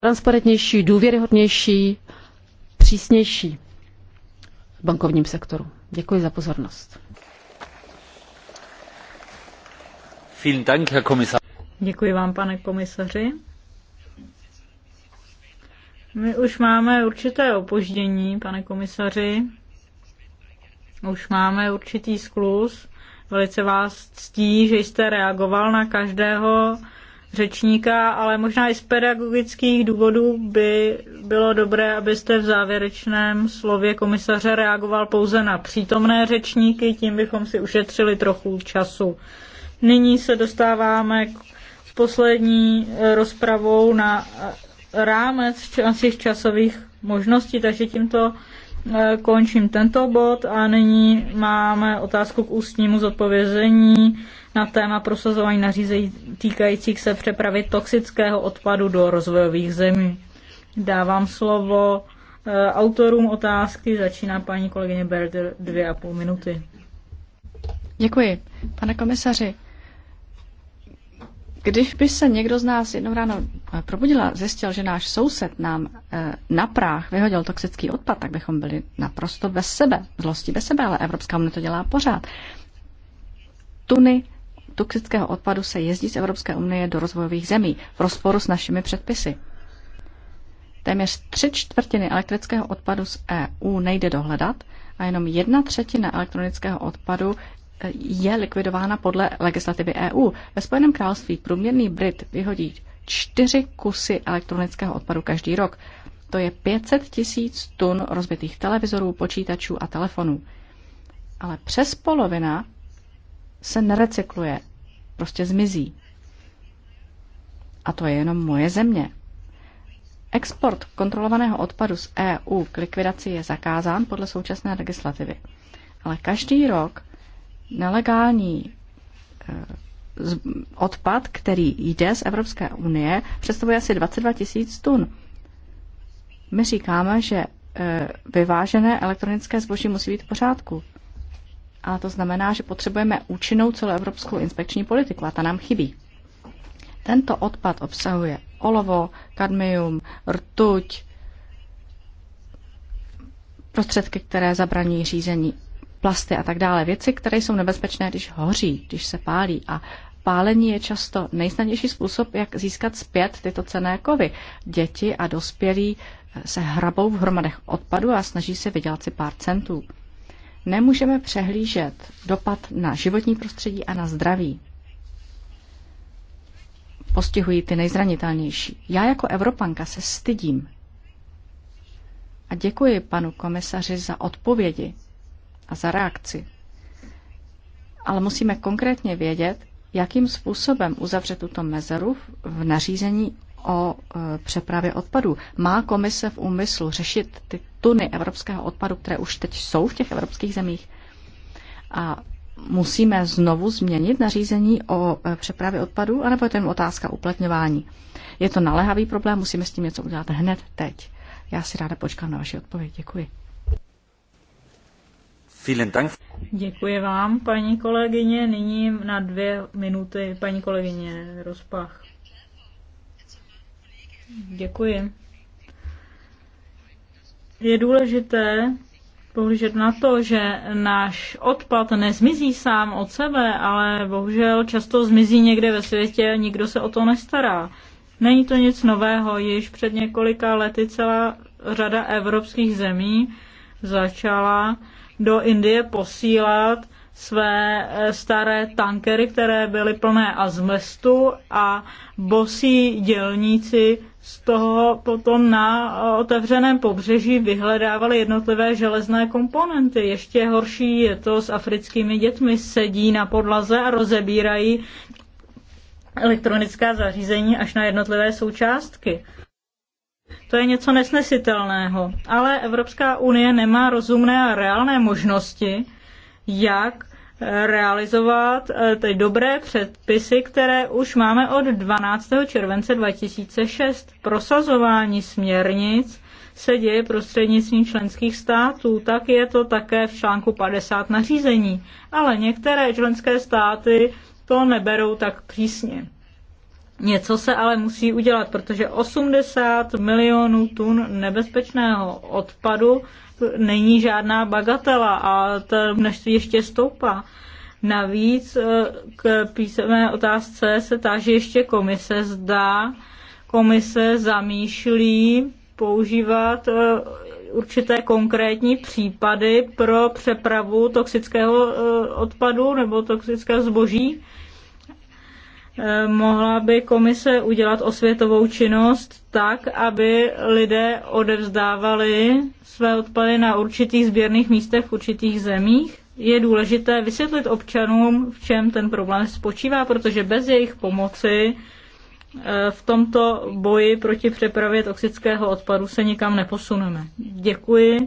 transparentnější, důvěryhodnější, přísnější v bankovním sektoru. Děkuji za pozornost. Děkuji vám, pane komisaři. My už máme určité opoždění, pane komisaři. Už máme určitý sklus. Velice vás ctí, že jste reagoval na každého řečníka, ale možná i z pedagogických důvodů by bylo dobré, abyste v závěrečném slově komisaře reagoval pouze na přítomné řečníky, tím bychom si ušetřili trochu času. Nyní se dostáváme k poslední eh, rozpravou na eh, rámec asi časových možností, takže tímto eh, končím tento bod a nyní máme otázku k ústnímu zodpovězení na téma prosazování nařízení týkajících se přepravy toxického odpadu do rozvojových zemí. Dávám slovo eh, autorům otázky. Začíná paní kolegyně Berder dvě a půl minuty. Děkuji. Pane komisaři, když by se někdo z nás jednou ráno eh, probudila zjistil, že náš soused nám eh, na práh vyhodil toxický odpad, tak bychom byli naprosto bez sebe, zlosti bez sebe, ale Evropská unie to dělá pořád. Tuny toxického odpadu se jezdí z Evropské unie do rozvojových zemí v rozporu s našimi předpisy. Téměř tři čtvrtiny elektrického odpadu z EU nejde dohledat a jenom jedna třetina elektronického odpadu eh, je likvidována podle legislativy EU. Ve Spojeném království průměrný Brit vyhodí čtyři kusy elektronického odpadu každý rok. To je 500 tisíc tun rozbitých televizorů, počítačů a telefonů. Ale přes polovina se nerecykluje, prostě zmizí. A to je jenom moje země. Export kontrolovaného odpadu z EU k likvidaci je zakázán podle současné legislativy. Ale každý rok nelegální eh, odpad, který jde z Evropské unie, představuje asi 22 tisíc tun. My říkáme, že eh, vyvážené elektronické zboží musí být v pořádku. A to znamená, že potřebujeme účinnou celoevropskou inspekční politiku a ta nám chybí. Tento odpad obsahuje olovo, kadmium, rtuť, prostředky, které zabraní řízení plasty a tak dále. Věci, které jsou nebezpečné, když hoří, když se pálí. A pálení je často nejsnadnější způsob, jak získat zpět tyto cené kovy. Děti a dospělí se hrabou v hromadech odpadu a snaží se vydělat si pár centů nemůžeme přehlížet dopad na životní prostředí a na zdraví. Postihují ty nejzranitelnější. Já jako Evropanka se stydím. A děkuji panu komisaři za odpovědi a za reakci. Ale musíme konkrétně vědět, jakým způsobem uzavře tuto mezeru v nařízení o e, přepravě odpadu Má komise v úmyslu řešit ty tuny evropského odpadu, které už teď jsou v těch evropských zemích? A musíme znovu změnit nařízení o e, přepravě odpadu anebo je to jen otázka uplatňování? Je to naléhavý problém, musíme s tím něco udělat hned teď. Já si ráda počkám na vaši odpověď. Děkuji. Děkuji vám, paní kolegyně. Nyní na dvě minuty paní kolegyně Rozpach. Děkuji. Je důležité pohlížet na to, že náš odpad nezmizí sám od sebe, ale bohužel často zmizí někde ve světě a nikdo se o to nestará. Není to nic nového, již před několika lety celá řada evropských zemí začala do Indie posílat své eh, staré tankery, které byly plné azmestu a bosí dělníci z toho potom na eh, otevřeném pobřeží vyhledávali jednotlivé železné komponenty. Ještě horší je to s africkými dětmi. Sedí na podlaze a rozebírají elektronická zařízení až na jednotlivé součástky. To je něco nesnesitelného. Ale Evropská unie nemá rozumné a reálné možnosti, jak realizovat eh, ty dobré předpisy, které už máme od 12. července 2006. Prosazování směrnic se děje prostřednictvím členských států, tak je to také v článku 50 nařízení. Ale některé členské státy to neberou tak přísně. Něco se ale musí udělat, protože 80 milionů tun nebezpečného odpadu není žádná bagatela a to množství ještě stoupá. Navíc eh, k písemné otázce se táží ještě komise, zdá komise zamýšlí používat eh, určité konkrétní případy pro přepravu toxického eh, odpadu nebo toxického zboží Eh, mohla by komise udělat osvětovou činnost tak, aby lidé odevzdávali své odpady na určitých sběrných místech v určitých zemích? Je důležité vysvětlit občanům, v čem ten problém spočívá, protože bez jejich pomoci eh, v tomto boji proti přepravě toxického odpadu se nikam neposuneme. Děkuji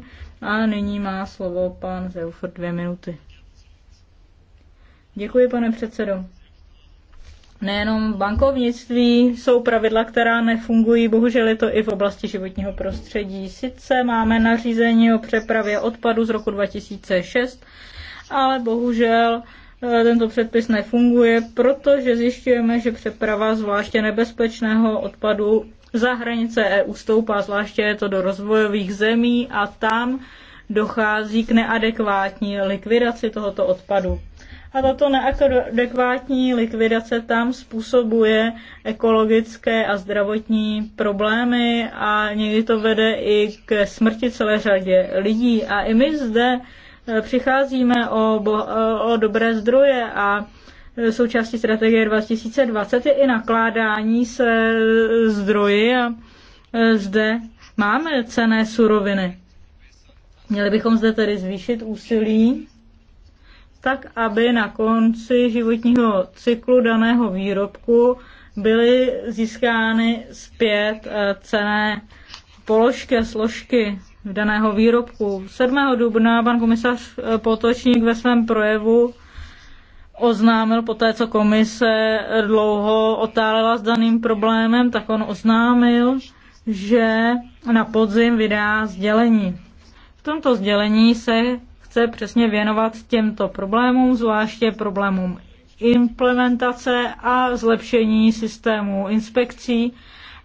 a nyní má slovo pan Zeufer dvě minuty. Děkuji, pane předsedo nejenom bankovnictví jsou pravidla, která nefungují, bohužel je to i v oblasti životního prostředí. Sice máme nařízení o přepravě odpadu z roku 2006, ale bohužel eh, tento předpis nefunguje, protože zjišťujeme, že přeprava zvláště nebezpečného odpadu za hranice EU stoupá, zvláště je to do rozvojových zemí a tam dochází k neadekvátní likvidaci tohoto odpadu. A tato neadekvátní likvidace tam způsobuje ekologické a zdravotní problémy a někdy to vede i k smrti celé řadě lidí. A i my zde e, přicházíme o, e, o dobré zdroje a e, součástí strategie 2020 je i nakládání se zdroji a zde máme cené suroviny. Měli bychom zde tedy zvýšit úsilí tak aby na konci životního cyklu daného výrobku byly získány zpět eh, cené položky a složky daného výrobku. 7. dubna pan komisař eh, Potočník ve svém projevu oznámil po té, co komise eh, dlouho otálela s daným problémem, tak on oznámil, že na podzim vydá sdělení. V tomto sdělení se chce přesně věnovat těmto problémům, zvláště problémům implementace a zlepšení systému inspekcí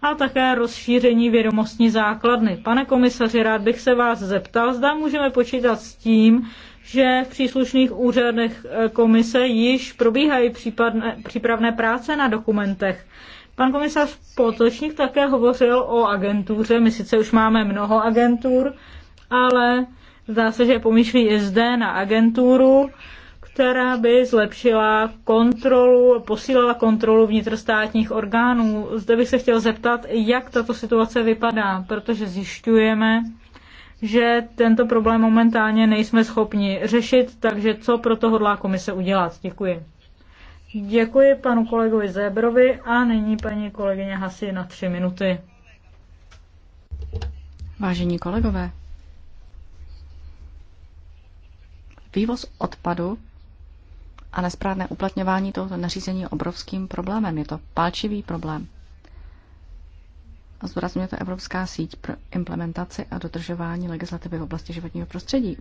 a také rozšíření vědomostní základny. Pane komisaři, rád bych se vás zeptal, zda můžeme počítat s tím, že v příslušných úřadech eh, komise již probíhají případné, přípravné práce na dokumentech. Pan komisař Potočník také hovořil o agentuře. My sice už máme mnoho agentur, ale Zdá se, že pomýšlí i zde na agenturu, která by zlepšila kontrolu, posílala kontrolu vnitrostátních orgánů. Zde bych se chtěl zeptat, jak tato situace vypadá, protože zjišťujeme, že tento problém momentálně nejsme schopni řešit, takže co pro to hodlá komise udělat? Děkuji. Děkuji panu kolegovi Zébrovi a nyní paní kolegyně Hasi na tři minuty. Vážení kolegové, Vývoz odpadu a nesprávné uplatňování tohoto nařízení je obrovským problémem. Je to palčivý problém. A zdůrazňuje to Evropská síť pro implementaci a dodržování legislativy v oblasti životního prostředí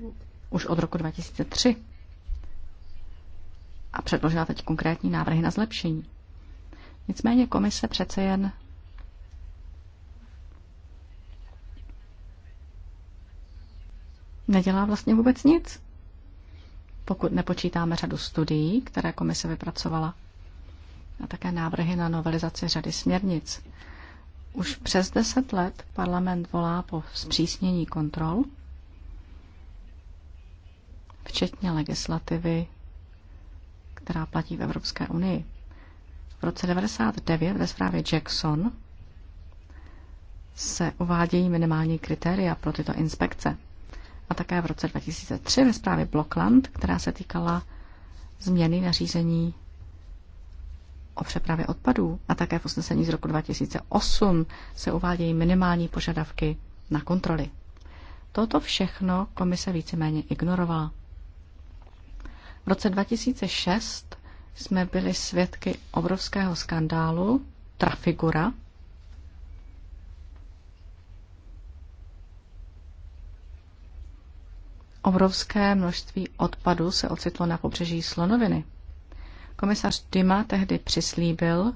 už od roku 2003 a předložila teď konkrétní návrhy na zlepšení. Nicméně komise přece jen nedělá vlastně vůbec nic pokud nepočítáme řadu studií, které komise vypracovala, a také návrhy na novelizaci řady směrnic. Už přes deset let parlament volá po zpřísnění kontrol, včetně legislativy, která platí v Evropské unii. V roce 1999 ve zprávě Jackson se uvádějí minimální kritéria pro tyto inspekce a také v roce 2003 ve zprávě Blockland, která se týkala změny nařízení o přepravě odpadů a také v usnesení z roku 2008 se uvádějí minimální požadavky na kontroly. Toto všechno komise víceméně ignorovala. V roce 2006 jsme byli svědky obrovského skandálu Trafigura, Obrovské množství odpadu se ocitlo na pobřeží Slonoviny. Komisař Dima tehdy přislíbil,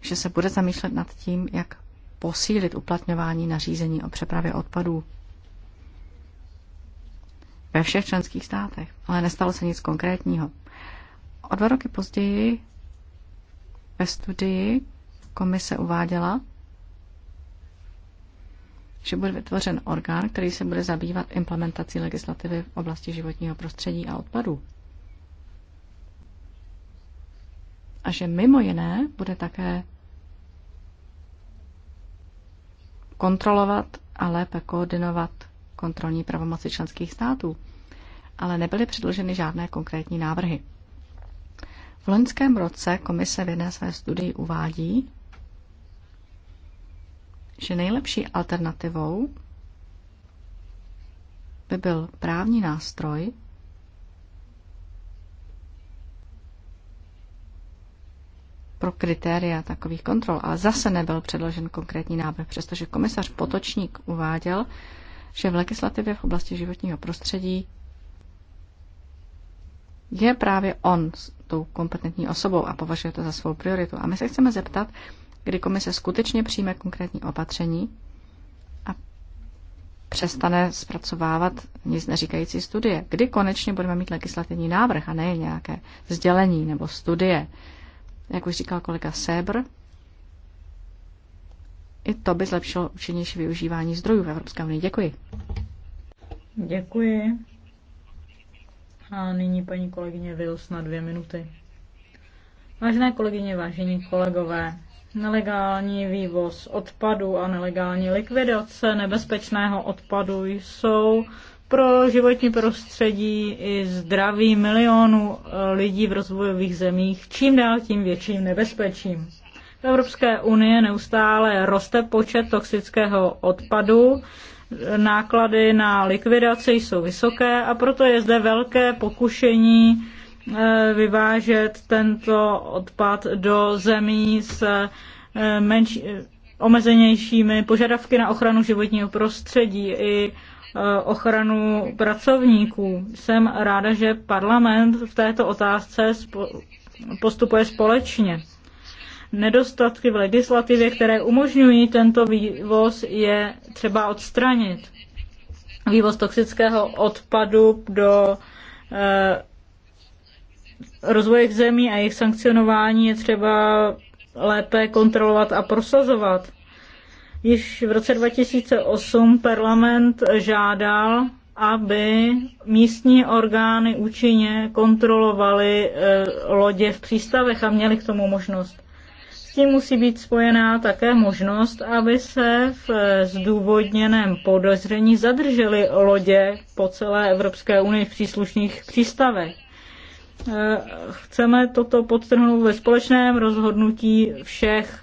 že se bude zamýšlet nad tím, jak posílit uplatňování nařízení o přepravě odpadů ve všech členských státech, ale nestalo se nic konkrétního. O dva roky později ve studii komise uváděla, že bude vytvořen orgán, který se bude zabývat implementací legislativy v oblasti životního prostředí a odpadů. A že mimo jiné bude také kontrolovat a lépe koordinovat kontrolní pravomoci členských států. Ale nebyly předloženy žádné konkrétní návrhy. V loňském roce komise v jedné své studii uvádí, že nejlepší alternativou by byl právní nástroj, pro kritéria takových kontrol, ale zase nebyl předložen konkrétní návrh, přestože komisař Potočník uváděl, že v legislativě v oblasti životního prostředí je právě on tou kompetentní osobou a považuje to za svou prioritu. A my se chceme zeptat, kdy komise skutečně přijme konkrétní opatření a přestane zpracovávat nic neříkající studie. Kdy konečně budeme mít legislativní návrh a ne nějaké sdělení nebo studie. Jak už říkal kolega Sebr, i to by zlepšilo účinnější využívání zdrojů v Evropské unii. Děkuji. Děkuji. A nyní paní kolegyně Vils na dvě minuty. Vážené kolegyně, vážení kolegové, Nelegální vývoz odpadu a nelegální likvidace nebezpečného odpadu jsou pro životní prostředí i zdraví milionů eh, lidí v rozvojových zemích čím dál tím větším nebezpečím. V Evropské unie neustále roste počet toxického odpadu, náklady na likvidaci jsou vysoké a proto je zde velké pokušení Eh, vyvážet tento odpad do zemí s eh, menší, omezenějšími požadavky na ochranu životního prostředí i eh, ochranu pracovníků. Jsem ráda, že parlament v této otázce postupuje společně. Nedostatky v legislativě, které umožňují tento vývoz, je třeba odstranit. Vývoz toxického odpadu do rozvojech zemí a jejich sankcionování je třeba lépe kontrolovat a prosazovat. Již v roce 2008 parlament žádal, aby místní orgány účinně kontrolovaly eh, lodě v přístavech a měly k tomu možnost. S tím musí být spojená také možnost, aby se v eh, zdůvodněném podezření zadržely lodě po celé Evropské unii v příslušných přístavech. Eh, chceme toto podtrhnout ve společném rozhodnutí všech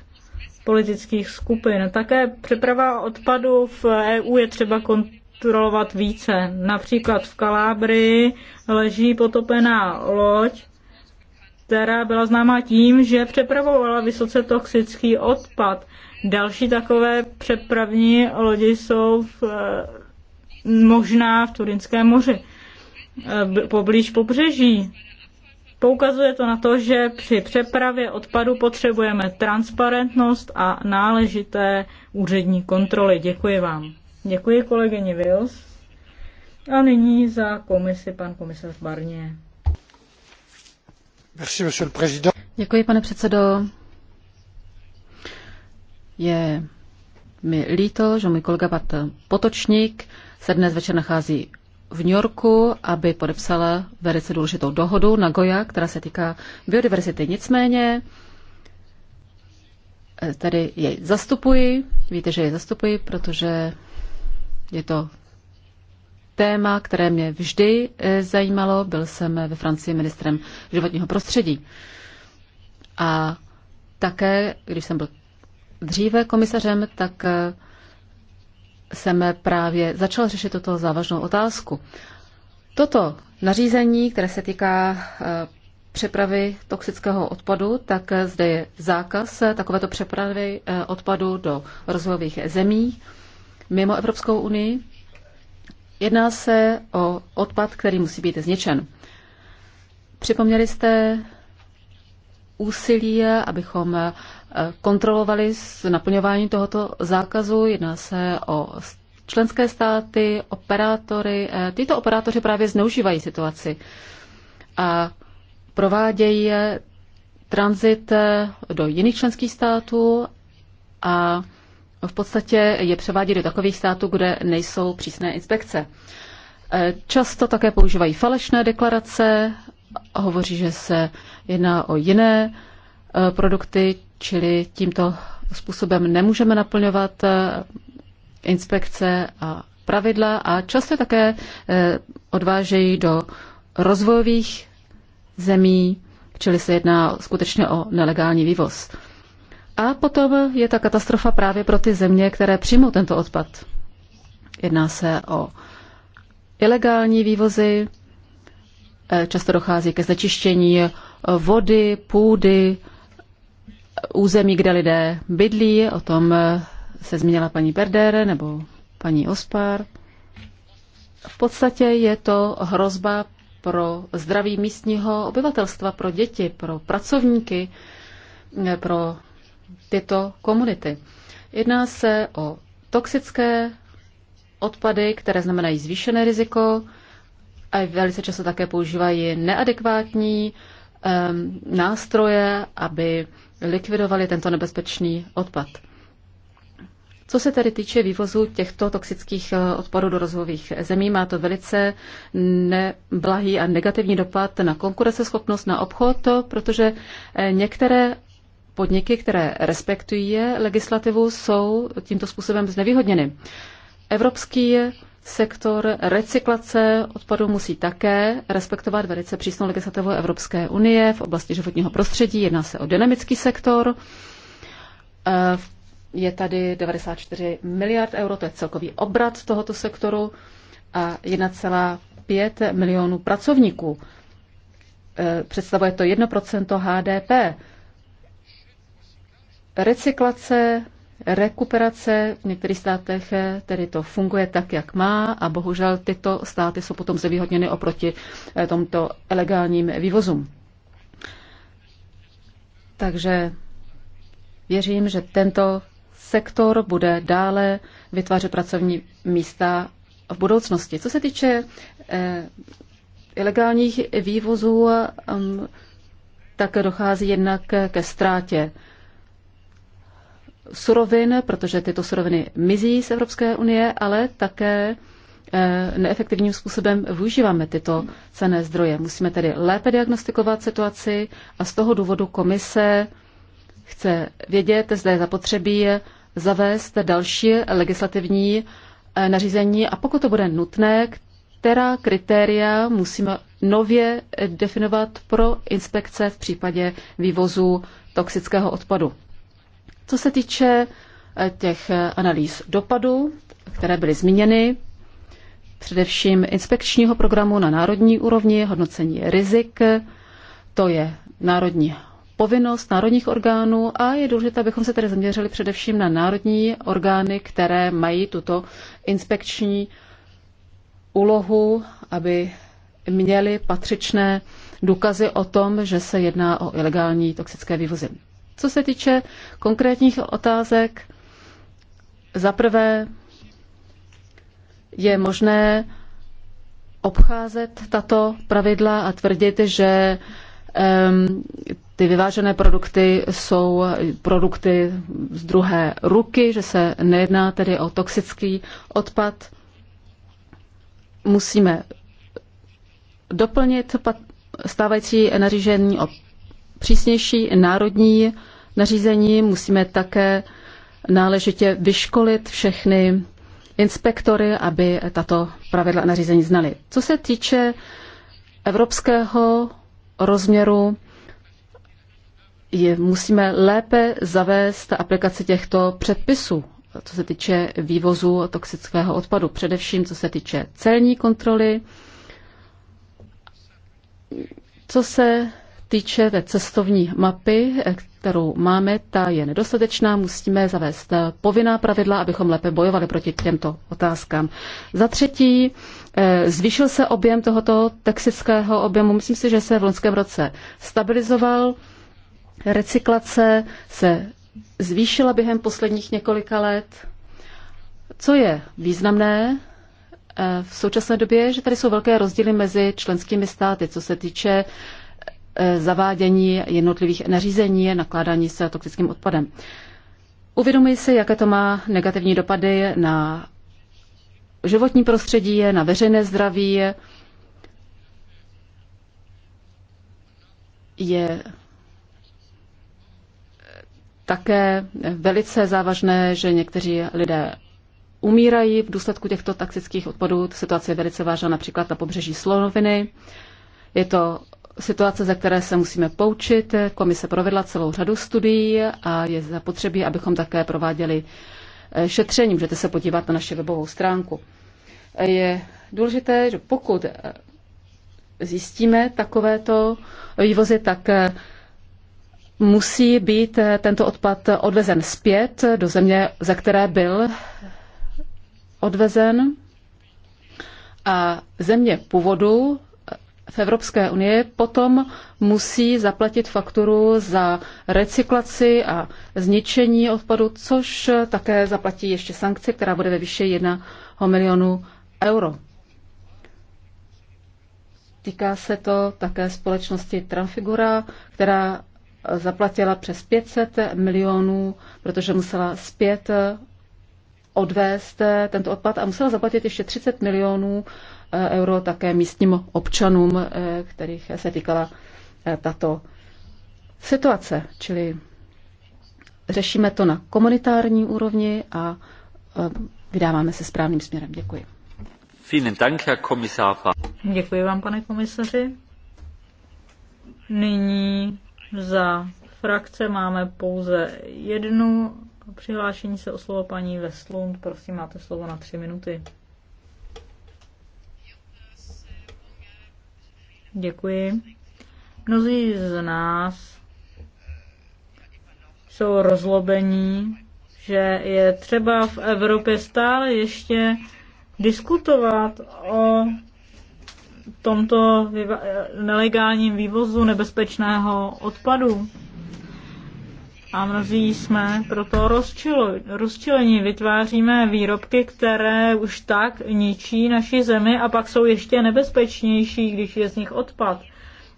politických skupin. Také přeprava odpadu v EU je třeba kontrolovat více. Například v Kalábrii leží potopená loď, která byla známá tím, že přepravovala vysoce toxický odpad. Další takové přepravní lodi jsou v, eh, možná v Turinském moři, eh, poblíž pobřeží Poukazuje to na to, že při přepravě odpadu potřebujeme transparentnost a náležité úřední kontroly. Děkuji vám. Děkuji kolegyni Vils. A nyní za komisi pan komisař Barně. Děkuji, pane předsedo. Je mi líto, že můj kolega Pat Potočník se dnes večer nachází v New Yorku, aby podepsala velice důležitou dohodu na Goja, která se týká biodiverzity. Nicméně eh, tady jej zastupuji. Víte, že jej zastupuji, protože je to téma, které mě vždy eh, zajímalo. Byl jsem ve Francii ministrem životního prostředí. A také, když jsem byl dříve komisařem, tak eh, jsem právě začal řešit tuto závažnou otázku. Toto nařízení, které se týká eh, přepravy toxického odpadu, tak eh, zde je zákaz eh, takovéto přepravy odpadu do rozvojových zemí mimo Evropskou unii. Jedná se o odpad, který musí být zničen. Připomněli jste úsilí, abychom eh, kontrolovali naplňování tohoto zákazu. Jedná se o členské státy, operátory. Eh, tyto operátoři právě zneužívají situaci a provádějí eh, tranzit do jiných členských států a v podstatě je převádí do takových států, kde nejsou přísné inspekce. Často také používají falešné deklarace hovoří, že se jedná o jiné e, produkty, čili tímto způsobem nemůžeme naplňovat e, inspekce a pravidla a často také e, odvážejí do rozvojových zemí, čili se jedná skutečně o nelegální vývoz. A potom je ta katastrofa právě pro ty země, které přijmou tento odpad. Jedná se o ilegální vývozy, Eh, často dochází ke znečištění vody, půdy, území, kde lidé bydlí. O tom eh, se zmínila paní Berdere nebo paní Ospar. V podstatě je to hrozba pro zdraví místního obyvatelstva, pro děti, pro pracovníky, eh, pro tyto komunity. Jedná se o toxické odpady, které znamenají zvýšené riziko a velice často také používají neadekvátní nástroje, aby likvidovali tento nebezpečný odpad. Co se tedy týče vývozu těchto toxických eh, odpadů do rozvojových zemí, má to velice neblahý a negativní dopad na konkurenceschopnost, na obchod, protože eh, některé podniky, které respektují legislativu, jsou tímto způsobem znevýhodněny. Evropský sektor recyklace odpadu musí také respektovat velice přísnou legislativu Evropské unie v oblasti životního prostředí. Jedná se o dynamický sektor. Eh, je tady 94 miliard euro, to je celkový obrat tohoto sektoru a 1,5 milionů pracovníků. Eh, představuje to 1% HDP. Recyklace rekuperace. V některých státech eh, tedy to funguje tak, jak má a bohužel tyto státy jsou potom zvýhodněny oproti eh, tomto legálním vývozům. Takže věřím, že tento sektor bude dále vytvářet pracovní místa v budoucnosti. Co se týče eh, ilegálních vývozů, eh, mm, tak dochází jednak ke ztrátě surovin, protože tyto suroviny mizí z Evropské unie, ale také eh, neefektivním způsobem využíváme tyto cené zdroje. Musíme tedy lépe diagnostikovat situaci a z toho důvodu komise chce vědět, zda je zapotřebí zavést další legislativní eh, nařízení a pokud to bude nutné, která kritéria musíme nově eh, definovat pro inspekce v případě vývozu toxického odpadu. Co se týče eh, těch eh, analýz dopadu, které byly zmíněny, především inspekčního programu na národní úrovni, hodnocení rizik, to je národní povinnost národních orgánů a je důležité, abychom se tedy zaměřili především na národní orgány, které mají tuto inspekční úlohu, aby měli patřičné důkazy o tom, že se jedná o ilegální toxické vývozy. Co se týče konkrétních otázek, zaprvé je možné obcházet tato pravidla a tvrdit, že um, ty vyvážené produkty jsou produkty z druhé ruky, že se nejedná tedy o toxický odpad. Musíme doplnit stávající nařízení o přísnější národní nařízení, musíme také náležitě vyškolit všechny inspektory, aby tato pravidla a nařízení znali. Co se týče evropského rozměru, je, musíme lépe zavést aplikaci těchto předpisů, co se týče vývozu toxického odpadu, především co se týče celní kontroly, co se týče té cestovní mapy, kterou máme, ta je nedostatečná. Musíme zavést povinná pravidla, abychom lépe bojovali proti těmto otázkám. Za třetí, eh, zvýšil se objem tohoto taxického objemu. Myslím si, že se v loňském roce stabilizoval. Recyklace se zvýšila během posledních několika let. Co je významné, eh, v současné době, že tady jsou velké rozdíly mezi členskými státy, co se týče Eh, zavádění jednotlivých nařízení, nakládání s toxickým odpadem. Uvědomuji si, jaké to má negativní dopady na životní prostředí, na veřejné zdraví. Je také velice závažné, že někteří lidé umírají v důsledku těchto toxických odpadů. Situace je velice vážná například na pobřeží Slonoviny. Je to situace, ze které se musíme poučit. Komise provedla celou řadu studií a je zapotřebí, abychom také prováděli eh, šetření. Můžete se podívat na naši webovou stránku. Je důležité, že pokud eh, zjistíme takovéto vývozy, tak eh, musí být tento odpad odvezen zpět do země, ze které byl odvezen. A země původu v Evropské unii potom musí zaplatit fakturu za recyklaci a zničení odpadu, což také zaplatí ještě sankce, která bude ve výši 1 milionu euro. Týká se to také společnosti Transfigura, která zaplatila přes 500 milionů, protože musela zpět odvést tento odpad a musela zaplatit ještě 30 milionů Eh, euro také místním občanům, eh, kterých se týkala eh, tato situace. Čili řešíme to na komunitární úrovni a vydáváme se správným směrem. Děkuji. Děkuji vám, pane komisaři. Nyní za frakce máme pouze jednu přihlášení se o slovo paní Veslund. Prosím, máte slovo na tři minuty. Děkuji. Mnozí z nás jsou rozlobení, že je třeba v Evropě stále ještě diskutovat o tomto nelegálním vývozu nebezpečného odpadu a mnozí jsme proto rozčilo, rozčilení. Vytváříme výrobky, které už tak ničí naši zemi a pak jsou ještě nebezpečnější, když je z nich odpad.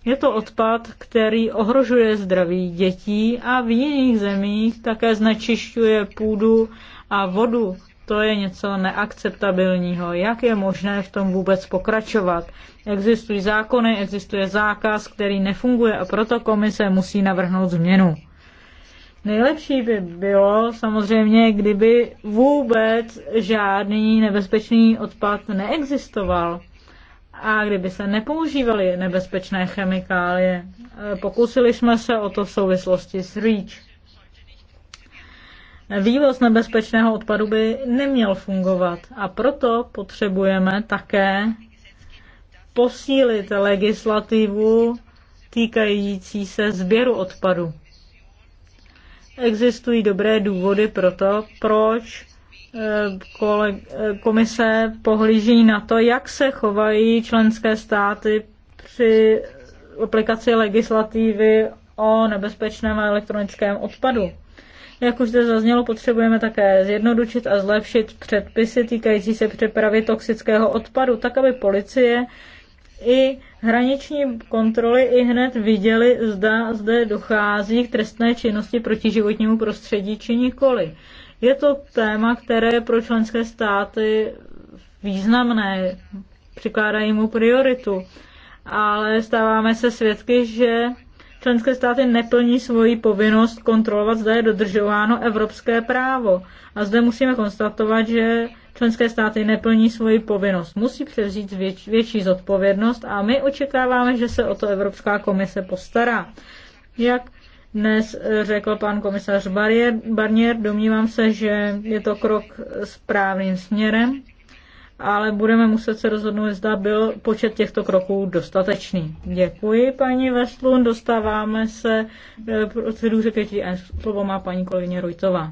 Je to odpad, který ohrožuje zdraví dětí a v jiných zemích také znečišťuje půdu a vodu. To je něco neakceptabilního. Jak je možné v tom vůbec pokračovat? Existují zákony, existuje zákaz, který nefunguje a proto komise musí navrhnout změnu. Nejlepší by bylo samozřejmě, kdyby vůbec žádný nebezpečný odpad neexistoval a kdyby se nepoužívaly nebezpečné chemikálie. Pokusili jsme se o to v souvislosti s REACH. Vývoz nebezpečného odpadu by neměl fungovat a proto potřebujeme také posílit legislativu týkající se sběru odpadu existují dobré důvody pro to, proč eh, eh, komise pohlíží na to, jak se chovají členské státy při aplikaci legislativy o nebezpečném a elektronickém odpadu. Jak už zde zaznělo, potřebujeme také zjednodušit a zlepšit předpisy týkající se přepravy toxického odpadu, tak aby policie i Hraniční kontroly i hned viděli, zda zde dochází k trestné činnosti proti životnímu prostředí či nikoli. Je to téma, které je pro členské státy významné, přikládají mu prioritu, ale stáváme se svědky, že členské státy neplní svoji povinnost kontrolovat, zda je dodržováno evropské právo. A zde musíme konstatovat, že členské státy neplní svoji povinnost. Musí převzít větší, větší zodpovědnost a my očekáváme, že se o to Evropská komise postará. Jak dnes řekl pan komisař Barnier, domnívám se, že je to krok správným směrem, ale budeme muset se rozhodnout, zda byl počet těchto kroků dostatečný. Děkuji, paní Vestlun. Dostáváme se k proceduře, který slovo má paní kolegyně Rojtová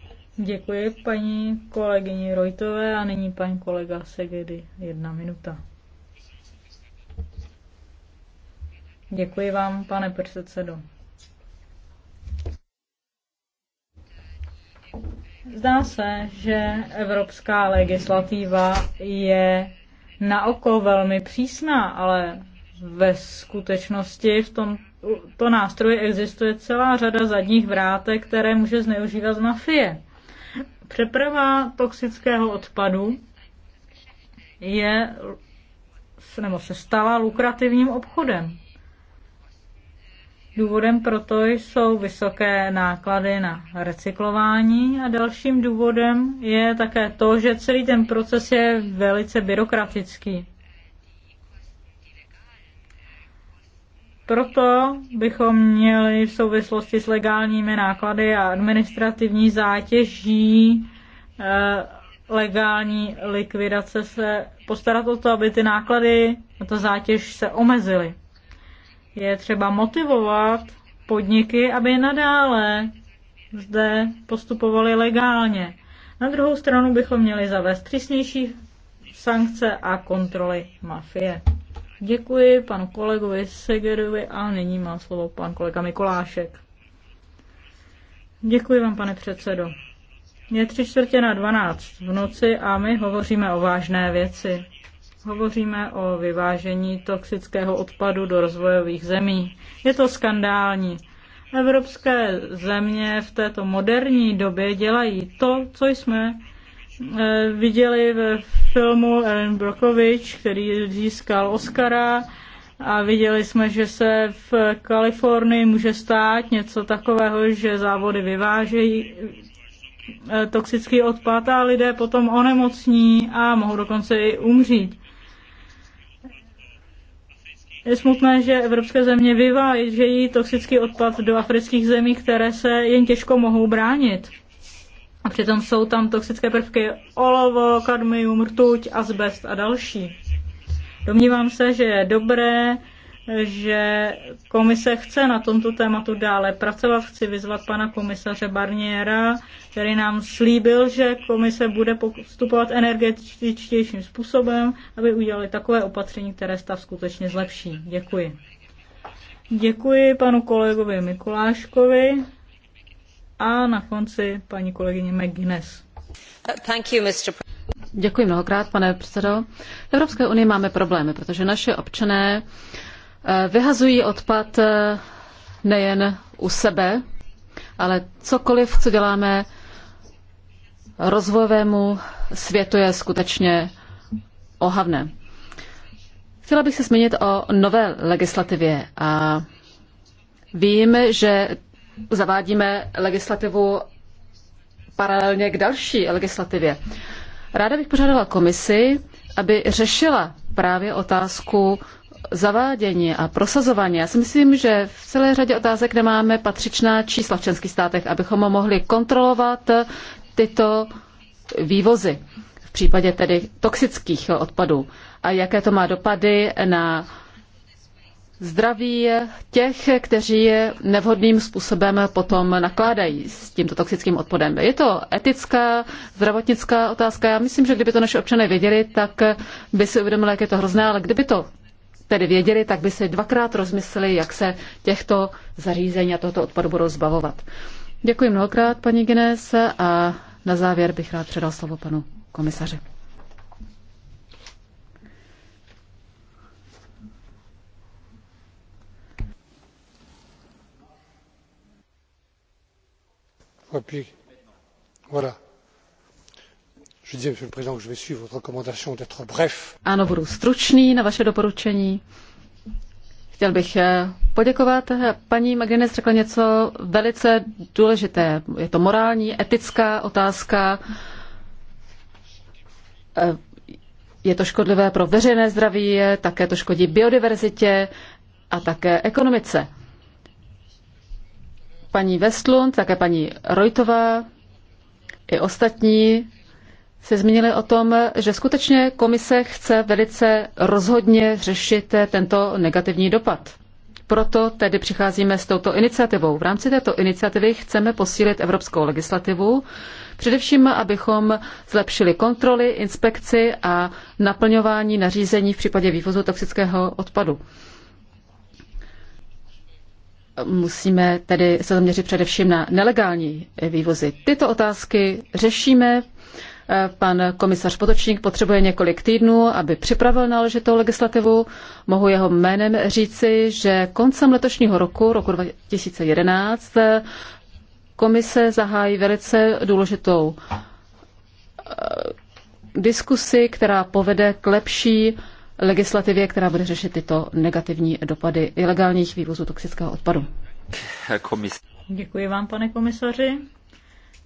Děkuji paní kolegyni Rojtové a nyní paní kolega Segedy. Jedna minuta. Děkuji vám, pane předsedo. Zdá se, že evropská legislativa je na oko velmi přísná, ale ve skutečnosti v tom to nástroji existuje celá řada zadních vrátek, které může zneužívat mafie. Přeprava toxického odpadu je nebo se stala lukrativním obchodem. Důvodem proto jsou vysoké náklady na recyklování a dalším důvodem je také to, že celý ten proces je velice byrokratický. Proto bychom měli v souvislosti s legálními náklady a administrativní zátěží eh, legální likvidace se postarat o to, aby ty náklady a ta zátěž se omezily. Je třeba motivovat podniky, aby nadále zde postupovali legálně. Na druhou stranu bychom měli zavést přísnější sankce a kontroly mafie. Děkuji panu kolegovi Segerovi a nyní má slovo pan kolega Mikolášek. Děkuji vám, pane předsedo. Je tři čtvrtě na dvanáct v noci a my hovoříme o vážné věci. Hovoříme o vyvážení toxického odpadu do rozvojových zemí. Je to skandální. Evropské země v této moderní době dělají to, co jsme Eh, viděli ve filmu Ellen Brokovič, který získal Oscara a viděli jsme, že se v Kalifornii může stát něco takového, že závody vyvážejí eh, toxický odpad a lidé potom onemocní a mohou dokonce i umřít. Je smutné, že evropské země vyvážejí toxický odpad do afrických zemí, které se jen těžko mohou bránit. A přitom jsou tam toxické prvky olovo, kadmium, rtuť, asbest a další. Domnívám se, že je dobré, že komise chce na tomto tématu dále pracovat. Chci vyzvat pana komisaře Barniera, který nám slíbil, že komise bude postupovat energetičtějším způsobem, aby udělali takové opatření, které stav skutečně zlepší. Děkuji. Děkuji panu kolegovi Mikuláškovi a na konci paní kolegyně McGuinness. Děkuji mnohokrát, pane předsedo. V Evropské unii máme problémy, protože naše občané eh, vyhazují odpad eh, nejen u sebe, ale cokoliv, co děláme rozvojovému světu, je skutečně ohavné. Chtěla bych se zmínit o nové legislativě a vím, že zavádíme legislativu paralelně k další legislativě. Ráda bych požádala komisi, aby řešila právě otázku zavádění a prosazování. Já si myslím, že v celé řadě otázek nemáme patřičná čísla v členských státech, abychom mohli kontrolovat tyto vývozy v případě tedy toxických odpadů a jaké to má dopady na zdraví těch, kteří nevhodným způsobem potom nakládají s tímto toxickým odpadem. Je to etická, zdravotnická otázka. Já myslím, že kdyby to naše občané věděli, tak by si uvědomili, jak je to hrozné, ale kdyby to tedy věděli, tak by si dvakrát rozmysleli, jak se těchto zařízení a tohoto odpadu budou zbavovat. Děkuji mnohokrát, paní Gines, a na závěr bych rád předal slovo panu komisaři. Ano, budu stručný na vaše doporučení. Chtěl bych eh, poděkovat. Eh, paní Magrines řekla něco velice důležité. Je to morální, etická otázka. Eh, je to škodlivé pro veřejné zdraví, také to škodí biodiverzitě a také ekonomice paní Westlund, také paní Rojtová i ostatní se zmínili o tom, že skutečně komise chce velice rozhodně řešit tento negativní dopad. Proto tedy přicházíme s touto iniciativou. V rámci této iniciativy chceme posílit evropskou legislativu, především abychom zlepšili kontroly, inspekci a naplňování nařízení v případě vývozu toxického odpadu. Musíme tedy se zaměřit především na nelegální vývozy. Tyto otázky řešíme. Pan komisař Potočník potřebuje několik týdnů, aby připravil náležitou legislativu. Mohu jeho jménem říci, že koncem letošního roku, roku 2011, komise zahájí velice důležitou eh, diskusi, která povede k lepší legislativě, která bude řešit tyto negativní dopady ilegálních vývozů toxického odpadu. Děkuji vám, pane komisaři.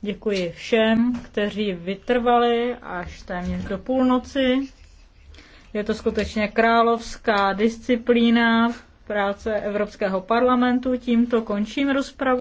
Děkuji všem, kteří vytrvali až téměř do půlnoci. Je to skutečně královská disciplína práce Evropského parlamentu. Tímto končím rozpravu.